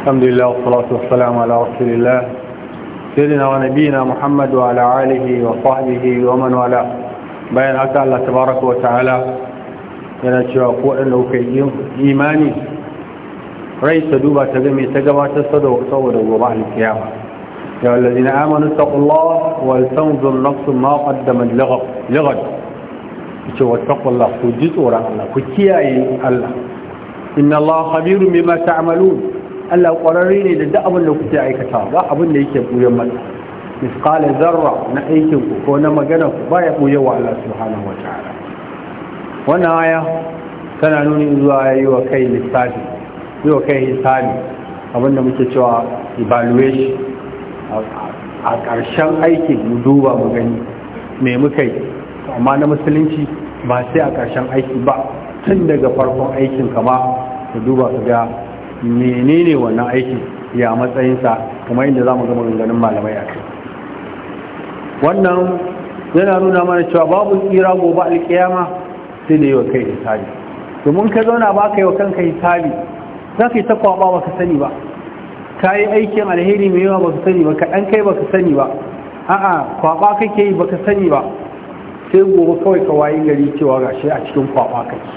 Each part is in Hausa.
الحمد لله والصلاة والسلام على رسول الله سيدنا ونبينا محمد وعلى آله وصحبه ومن ولا بيان أتى الله تبارك وتعالى أن أتشوفوا أنه في إيماني رئيس دوبة تقمي تجمع تصدو وتصور الله القيامة يا الذين آمنوا اتقوا الله ولتنظر نفس ما قدمت لغد لغد اتقوا الله كجزء الله كتيائي الله إن الله خبير بما تعملون Allah ƙwararre ne da duk abin da kuke aikata ba abin da yake buyan mata misqala zarra na aikin ku ko na magana ku ba ya buye wa Allah subhanahu wa ta'ala wannan aya tana nuni zuwa yi wa kai lissafi yi wa kai hisabi abin da muke cewa evaluation a ƙarshen aikin mu duba mu gani me muka yi amma na musulunci ba sai a ƙarshen aiki ba tun daga farkon aikin ka ba ka duba ka ga menene wannan aiki ya matsayinsa kuma inda za mu ga maganganun malamai a kai wannan yana nuna mana cewa babu tsira gobe alkiyama sai da yi wa kai hisabi domin ka zauna ba ka yi wa kanka hisabi za ka yi ta kwaba ba ka sani ba ka yi aikin alheri mai yawa ba ka sani ba kaɗan kai ba ka sani ba a'a kwaba kake yi ba ka sani ba sai gobe kawai ka wayi gari cewa gashi a cikin kwaba kake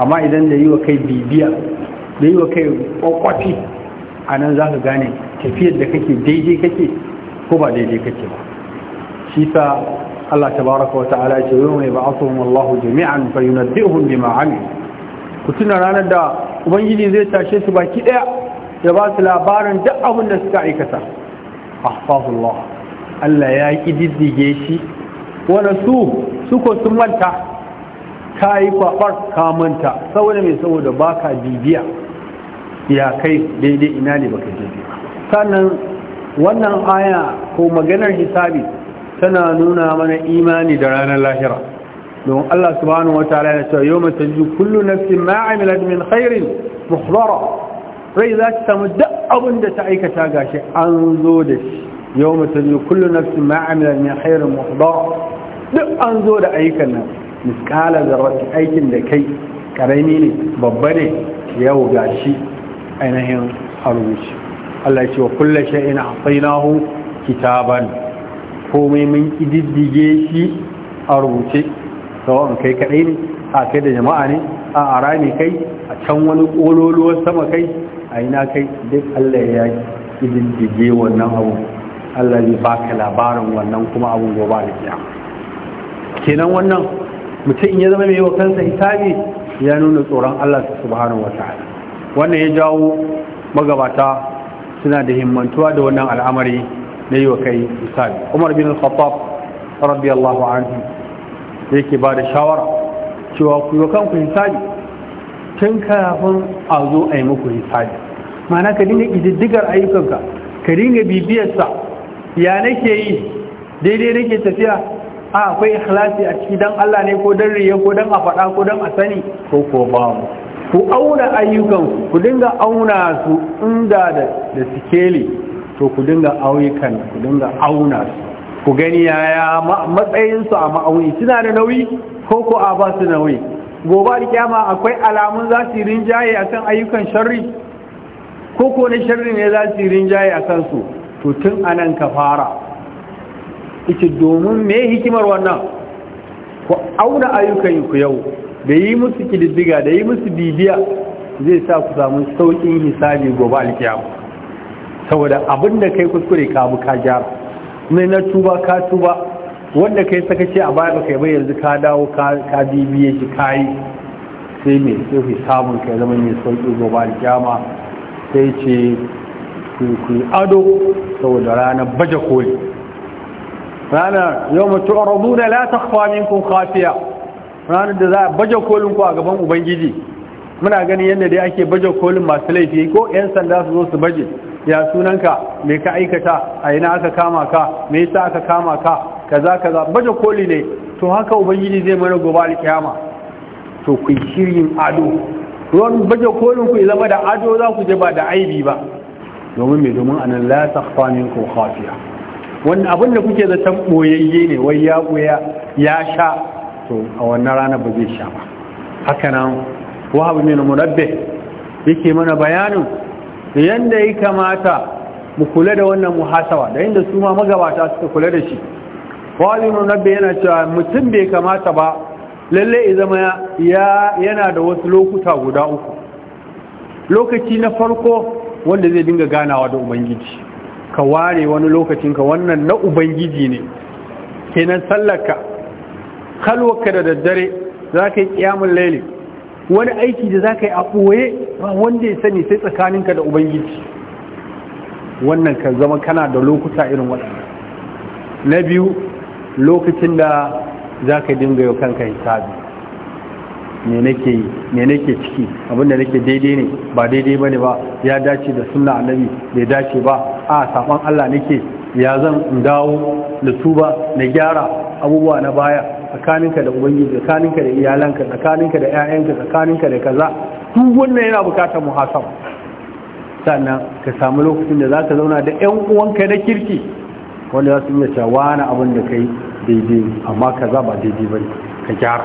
amma idan da yi wa kai bibiya da yi wa kai kwakwati a nan za ka gane tafiyar da kake daidai kake ko ba daidai kake ba shi sa Allah tabaraka wa ta'ala ya ce yau mai ba'athuhum Allahu jami'an fa yunabbihum bima amil ku tuna ranar da ubangiji zai tashe su baki daya ya ba su labarin duk abin da suka aikata ahfazullah Allah ya diddige shi wanda su ko sun manta ka yi kwabar ka manta saboda me saboda baka bibiya ya kai daidai ina ne baka daidai sannan wannan aya ko maganar hisabi tana nuna mana imani da ranar lahira don Allah subhanahu wa ta'ala ya ce yawma tajid kullu nafsin ma amilat min khairin muhdara rai za ta samu duk abin da ta aikata gashi an zo da shi yawma tajid kullu nafsin ma amilat min khairin muhdara duk an zo da aikan nan miskala zarrati aikin da kai karami ne babba ne yau gashi ainihin a Allah ya ce wa kulle sha'ina a tsainahu kitaban komai mun kididdige shi a rubuce tsawon kai kaɗai ne a kai da jama'a ne a ara ne kai a can wani ƙololuwar sama kai a ina kai duk Allah ya ƙididdige wannan abu Allah ba baka labarin wannan kuma abun gobe da kiyama kenan wannan mutum ya zama mai wa kansa hisabi ya nuna tsoron Allah subhanahu wataala wannan ya jawo magabata suna da himmantuwa da wannan al'amari na yi wa kai misali umar bin al-khattab radiyallahu anhu yake ba da shawara cewa ku yi kanku misali tun kafin a zo a yi muku misali ma'ana ka dinga ƙididdigar ayyukanka ka dinga bibiyarsa ya nake yi daidai nake tafiya a akwai ikhlasi a ciki dan Allah ne ko dan riya ko dan a faɗa ko dan a sani ko ko ba mu ku auna ayyukan ku dinga auna su inda da da sikeli to ku dinga ayyukan ku dinga auna su ku gani yaya matsayin su a ma'auni suna da nauyi ko ko a ba su nauyi gobe alkiyama akwai alamun za su rinjaye akan ayyukan sharri ko ko na sharri ne za su rinjaye kan su to tun anan ka fara ita domin me hikimar wannan ku auna ayyukan ku yau da yi musu kididdiga da yi musu bibiya zai sa ku samu saukin hisabi gobe alkiyama saboda abin da kai kuskure ka abu ka gyara mai na tuba ka tuba wanda kai saka ce a baya kai bai yanzu ka dawo ka bibiye shi ka yi sai mai sai hisabun kai zama mai sauki gobe alkiyama sai ce ku yi ado saboda ranar baje koli ranar yau mutu a rabu da la ta kwamin kafiya ranar da za a baje kolin ku a gaban ubangiji muna gani yadda dai ake baje kolin masu laifi ko 'yan sanda su zo su baje ya sunanka me ka aikata a ina aka kama ka me yasa aka kama ka kaza kaza baje koli ne to haka ubangiji zai mana gobe alkiyama to ku shirin ado ruwan baje kolin ku zama da ado za ku je ba da aibi ba domin me domin anan la takhfa minkum khafiya wannan abin da kuke zaton boyayye ne wai ya boya ya sha to a wannan ranar ba zai sha ba haka nan wahabu min munabbe yake mana bayanin da yadda ya kamata mu kula da wannan muhasawa da inda su ma magabata suka kula da shi wahabu min munabbe yana cewa mutum bai kamata ba lalle ya zama yana da wasu lokuta guda uku lokaci na farko wanda zai dinga ganawa da ubangiji ka ware wani lokacinka wannan na ubangiji ne kenan sallarka kalwarka da daddare za ka yi kiyamun laili wani aiki da za ka yi a ɓoye ba wanda ya sani sai tsakaninka da ubangiji wannan ka zama kana da lokuta irin waɗanda na biyu lokacin da za ka dinga yau kanka hisabi me nake nake ciki abinda nake daidai ne ba daidai ba ne ba ya dace da sunna annabi bai dace ba a saƙon allah nake ya zan dawo da tuba na gyara abubuwa na baya tsakaninka da ubangiji tsakaninka da iyalanka tsakaninka da 'ya'yanka tsakaninka da kaza duk wannan yana bukatar muhasaba sannan ka samu lokacin da za ka zauna da ƴan uwanka na kirki wanda za su iya cewa wani abin da kai daidai amma kaza ba daidai ba ka gyara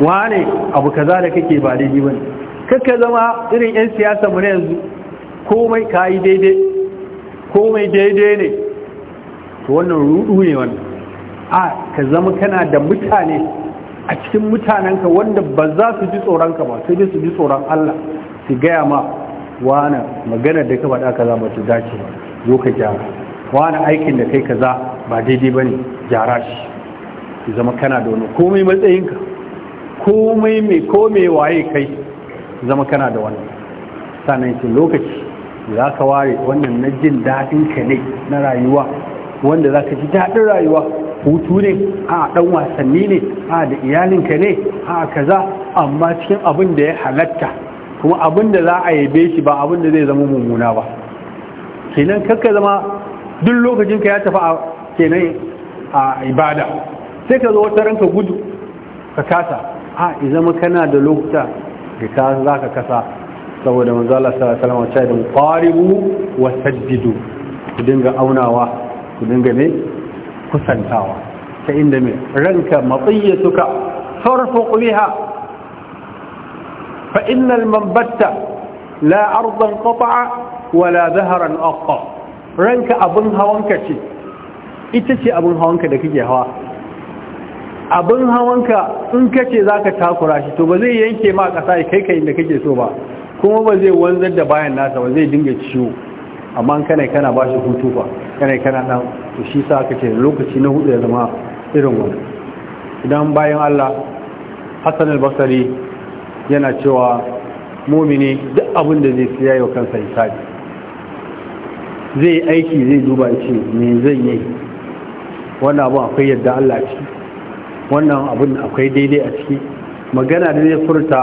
wane abu kaza da kake ba daidai ba Kaka zama irin ƴan siyasa mu na yanzu komai ka yi daidai komai daidai ne to wannan rudu ne wannan a ka zama kana da mutane a cikin mutanenka wanda ba za su ji tsoronka ba sai dai su ji tsoron Allah su gaya ma wani magana da ka faɗa kaza ba su dace ba zo ka gyara wani aikin da kai kaza ba daidai ba ne gyara shi su zama kana da wani komai matsayinka komai mai komai waye kai zama kana da wani sannan shi lokaci za ka ware wannan na jin daɗinka ne na rayuwa wanda za ka ji daɗin rayuwa hutu ne a dan wasanni ne a da iyalinka ne a kaza amma cikin abin da ya halatta kuma abin da za a yabe shi ba abin da zai zama mummuna ba kenan kakka zama duk lokacin ka ya tafi a kenan a ibada sai ka zo wata ranka gudu ka kasa a izama kana da lokuta da ka za ka kasa saboda manzo Allah sallallahu alaihi wasallam ya ce mu wa saddidu ku dinga aunawa ku dinga ne kusantawa ta inda mai ranka matsiyatuka farfuq biha fa innal mambatta la'arzan ardan wa wala dhahran ranka abin hawanka ce ita ce abin hawanka da kake hawa abin hawanka in kace ka takura shi to ba zai yanke ma ƙasa ya kai kai da kake so ba kuma ba zai wanzar da bayan nasa ba zai dinga ciwo amma kanai kana ba shi hutu ba kanai kana dan to shi sa aka ce lokaci na hudu ya zama irin wani idan bayan Allah Hassan al basari yana cewa mumini duk abin da zai siya yau kansa hisabi zai yi aiki zai duba ce me zai yi wannan abin akwai yadda Allah ci wannan abin akwai daidai a ciki magana da zai furta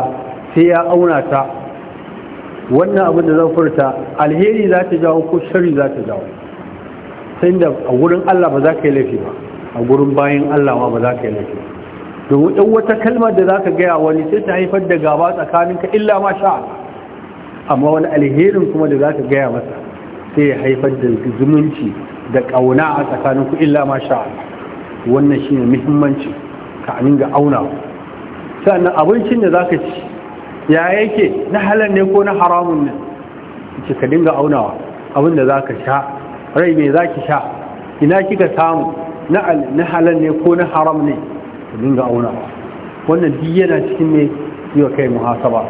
sai ya auna ta wannan abin da zai furta alheri za ta jawo ko shari za ta jawo san da a gurin Allah ba za ka yi laifi ba a gurin bayan Allah ba za ka yi laifi domin ɗan wata kalmar da za ka gaya wani sai ta haifar da gaba tsakaninka illa ma sha amma wani alherin kuma da za ka gaya masa sai ya haifar da zumunci da ƙauna a tsakaninku illa ma sha wannan shi ne muhimmanci ka amin auna sannan abincin da za ka ci ya yake na halar ne ko na haramun ne ka dinga aunawa abin da za ka sha rai mai za ki sha ina kika samu na halal ne ko na haram ne ta dinga auna wannan duk yana cikin ne yi wa kai muhasaba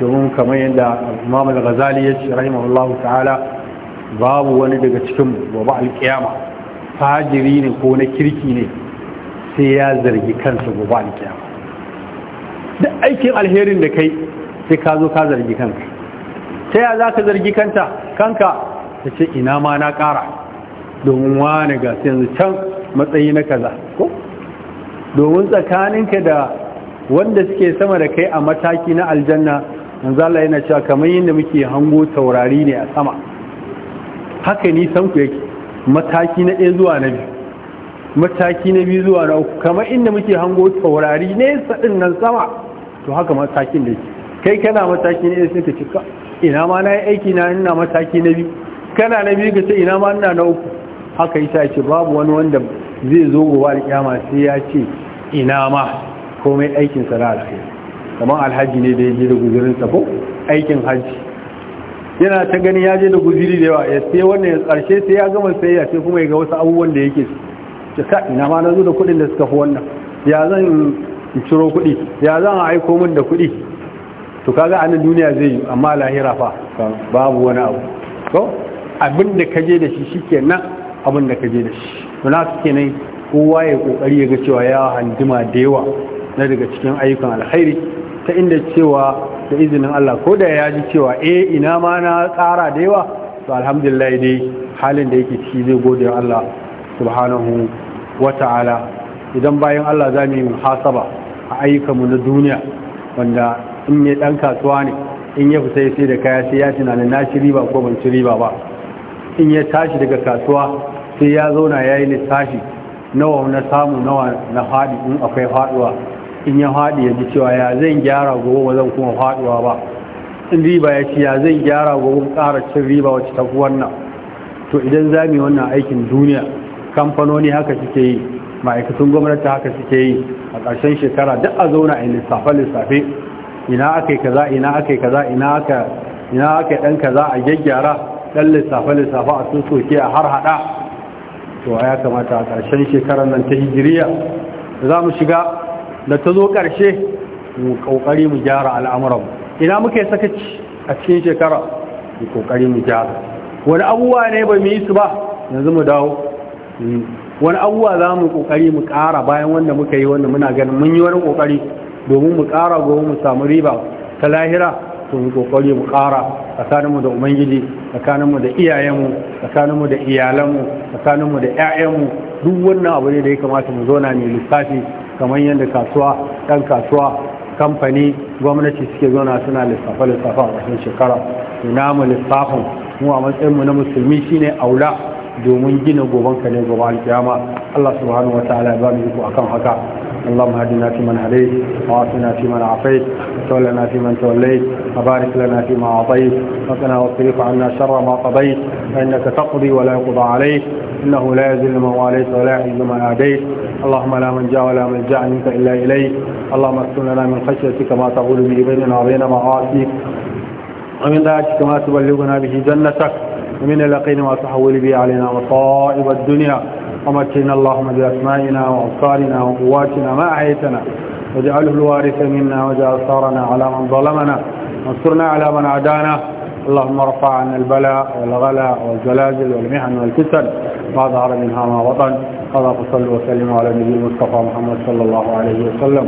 domin kamar yadda imam al-ghazali ya ce rahimahullahu ta'ala babu wani daga cikin gobe alkiyama fajiri ne ko na kirki ne sai ya zargi kansa gobe alkiyama duk aikin alherin da kai sai ka zo ka zargi kanka ta ya za ka zargi kanta kanka ta ce ina ma na ƙara domin wani ga yanzu can matsayi na kaza ko domin tsakaninka da wanda suke sama da kai a mataki na aljanna manzala yana cewa kamar yadda muke hango taurari ne a sama haka ni san ku yake mataki na ɗaya zuwa na biyu mataki na biyu zuwa na uku kamar inda muke hango taurari ne sadin nan sama to haka matakin da yake kai kana mataki na ɗaya sai ka cika ina ma na yi aiki na ina mataki na biyu kana na biyu ka ce ina ma ina na uku haka yi ce babu wani wanda zai zo da kyama sai ya ce ina ma komai aikin sa na kamar alhaji ne da ya je da guzirin sa ko aikin haji yana ta gani ya je da guziri da yawa ya sai wannan ya tsarshe sai ya gama sai ya sai kuma ya ga wasu abubuwan da yake ce ka ina ma na zo da kuɗin da suka fi wannan ya zan in ciro kuɗi ya zan aiko min da kuɗi to kaga a nan duniya zai yi amma lahira fa babu wani abu ko abin da ka je da shi shi ke nan abin da ka je da shi suna su ke kenan kowa ya kokari ya ga cewa ya handima da yawa na daga cikin ayyukan alkhairi ta inda cewa da izinin Allah ko da ya ji cewa eh ina ma na tsara da yawa to alhamdulillah dai halin da yake ciki zai gode wa Allah subhanahu wa ta'ala idan bayan Allah za mu yi muhasaba a mu na duniya wanda in ya dan kasuwa ne in ya fita sai da kaya sai ya tunanin na ci riba ko ban ci riba ba in ya tashi daga kasuwa sai ya zauna ya yi lissafi nawa na samu nawa na haɗi in akwai haɗuwa in ya haɗi ya ji cewa ya zan gyara gobe ba zan kuma haɗuwa ba in riba ya ce ya zan gyara gobe ƙara cin riba wacce ta wannan to idan za mu yi wannan aikin duniya kamfanoni haka suke yi ma'aikatan gwamnati haka suke yi a ƙarshen shekara duk a zauna a lissafe-lissafe ina aka yi kaza ina aka yi kaza ina aka ina aka yi ɗan kaza a gyaggyara dan lissafe-lissafe a sun soke a har hada to ya kamata a ƙarshen shekarar nan ta hijiriya za mu shiga da ta zo ƙarshe mu ƙoƙari mu gyara al'amuranmu ina muka yi sakaci a cikin shekara mu ƙoƙari mu gyara wani abubuwa ne ba mu yi su ba yanzu mu dawo hmm. wani abubuwa za mu ƙoƙari mu ƙara bayan wanda muka yi wanda muna ganin mun yi wani ƙoƙari domin mu ƙara gobe mu samu riba ta lahira to mu ƙoƙari mu ƙara tsakaninmu da ubangiji tsakaninmu da iyayenmu tsakaninmu da iyalanmu tsakaninmu da 'ya'yanmu duk wannan abu ne da ya kamata mu zauna mai lissafi kamar yadda kasuwa ɗan kasuwa kamfani gwamnati suke zauna suna lissafa lissafa a ƙarshen shekara ina mu lissafin mu a matsayinmu na musulmi shine aula domin gina goban ne gobe alƙiyama Allah subhanahu wataala ya ba mu iko akan haka اللهم هدنا فيمن هديت وعافنا فيمن عافيت وتولنا فيمن توليت وبارك لنا فيما أعطيت وقنا واصرف عنا شر ما قضيت فإنك تقضي ولا يقضى عليك إنه لا يذل من واليت ولا يعز من عاديت اللهم لا من جاء ولا من جاء منك إلا إليك اللهم اكفنا لنا من خشيتك ما تقول به بيننا وبين معاصيك ومن ذاتك ما تبلغنا به جنتك ومن اليقين ما تحول به علينا مصائب الدنيا ومتنا اللهم بأسمائنا وأبصارنا وقواتنا ما أعيتنا واجعله الوارث منا واجعل صارنا على من ظلمنا وانصرنا على من عدانا اللهم ارفع عنا البلاء والغلاء والزلازل والمحن والكسل ما ظهر منها ما بطن قضى فصلوا وسلموا على النبي المصطفى محمد صلى الله عليه وسلم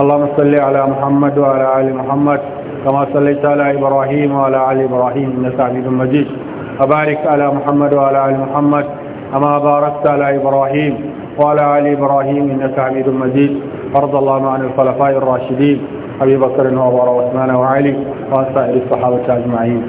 اللهم صل على محمد وعلى آل محمد كما صليت على إبراهيم وعلى آل إبراهيم إنك حميد مجيد وبارك على محمد وعلى آل محمد كما باركت على إبراهيم وعلى آل إبراهيم إنك حميد مجيد أرض اللهم عن الخلفاء الراشدين أبي بكر وعمر وعثمان وعلي وعن سائر الصحابة أجمعين